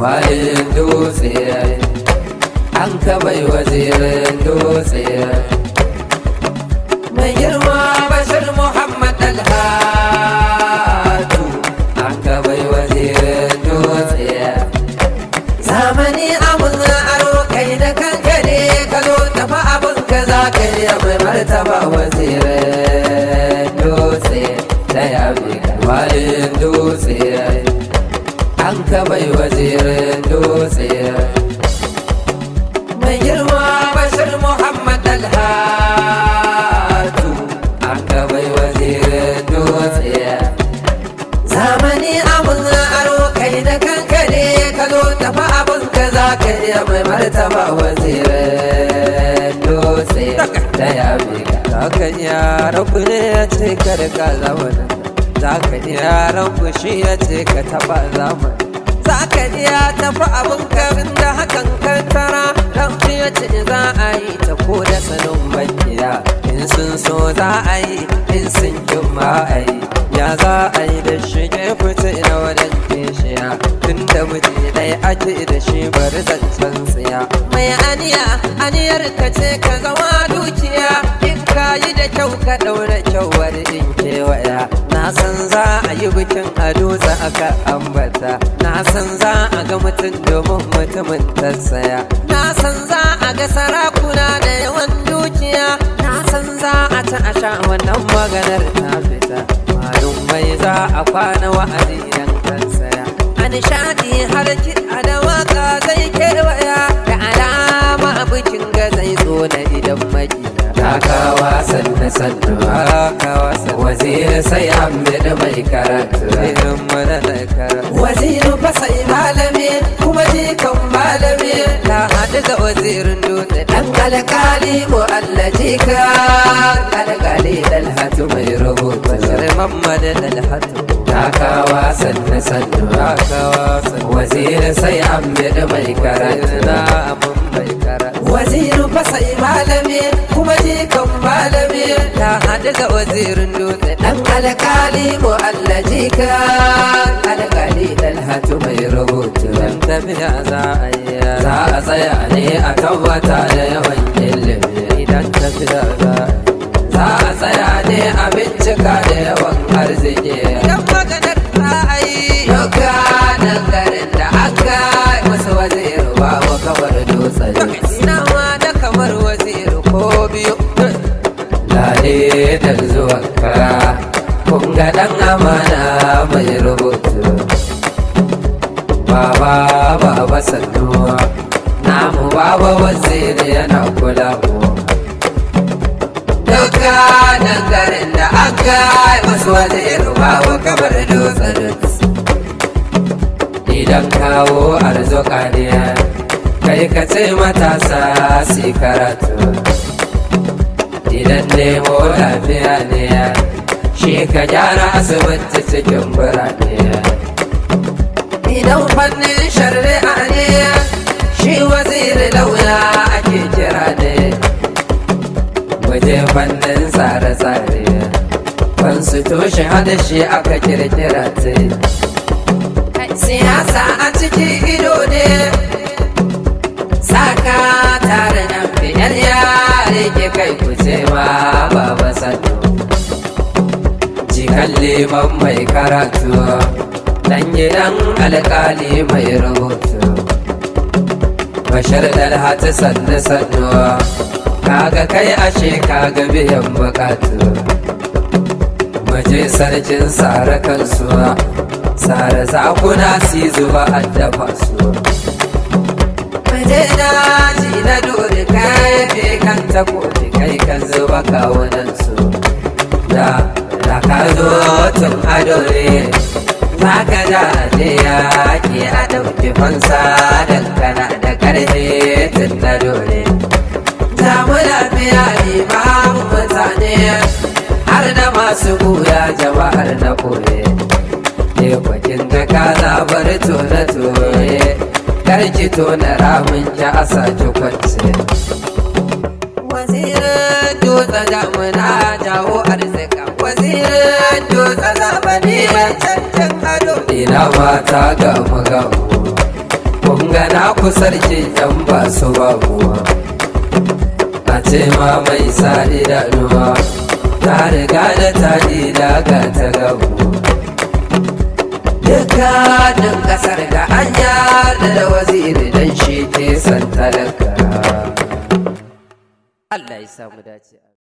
Wayin dutse an kabai wazirin dutse mai girma bashir Muhammad Alhatu an kabai wazirin dutse zamani abun aro kai da kanka ne ka zo tafi abun ka za ka yi mai martaba wazirin dutse da yabi malin dutse an ka yi wazirin dutse mai girma bashir muhammad alhatu an ka yi wazirin dutse zamani abin aro kai da kankare ka zo tafi abin ka za ka iya mai martaba wazirin dutse da ya bi ka kan ya rabu ne ya ce kada ka zamanin. za ka iya ran fushi ya ce ka taɓa zamani za ka iya tafi abin karin da hakan kantara don ya ce za a yi ta ko da sanin bakiya in sun so za a yi in sun kin ma a yi ya za a yi da shi ke fice na wajen kishiya tun da miji dai ake da shi bari zancen tsiya mai aniya aniyar ka ce ka zama dukiya in ka yi da kyau ka ɗaura kyau san za a yi bikin ado za aka ambata na san za a ga mutum domin mutumin ta saya. na san za a ga sarakuna da yawan dukiya na san za a ci a sha wannan maganar ta fita malum mai za a kwana wa'azi idan saya. a nishadi har kiɗa da waka zai kewaya birin dutse dan alkali mu ka kalkali dalhatu mai rubutu bashir mamman dalhatu takawa sannu sannu takawa sannu wazir sai an biɗi mai karatu daga wazirin dutse dan alkali mu allaji ka alkali hatu mai rubutu dan tafiya za a yi za a tsaya ne a tabbata da yawan ilimi idan tafiya za a za a tsaya ne a bincika da yawan arziki karkara kun ga dan amana mai rubutu baba baba sannuwa namu baba waziri yana kula mu duka nan garin da aka yi masu waziri baba kamar dutsen idan kawo arzo ne kai ka ce matasa su karatu idan nemo lafiya ne ya shi ka gyara asibiti cikin birane idan fannin shari'a ne shi waziri lauya ake kira ne waje fannin tsare-tsare constitution hada shi aka kirkira ce siyasa a ciki ido ne saka tare da biyar ke kai ku ce ma baba jikan mai karatu dan gidan alkali mai rubutu bashar dalhati sannu sannu kaga kai ashe kaga biyan bukatu maje sarkin sare kansu sare zakuna si zuba addafa su maje na na dori kafe kan takobi kai kan zuba kawunansu da da ka zo tun adore ba ka da je yaƙi a ɗauki fansa don kana da ƙarfi tun na dore za mu lafiya limamin mutane har da masu guda jama'ar na koye ne kwakin da ka zabar tone kar ki tona ramin ki a sake kwance wazirin dutse muna jawo arzika wazirin dutse zamani cancan ado ina mata ga magamu kun gana ku sarki dan ba su kuwa. a ce ma mai sa idanuwa ta riga da ta ida ga ta gabu ƙasar da anya waziri dan shi ke san talaka Allah ya samu dace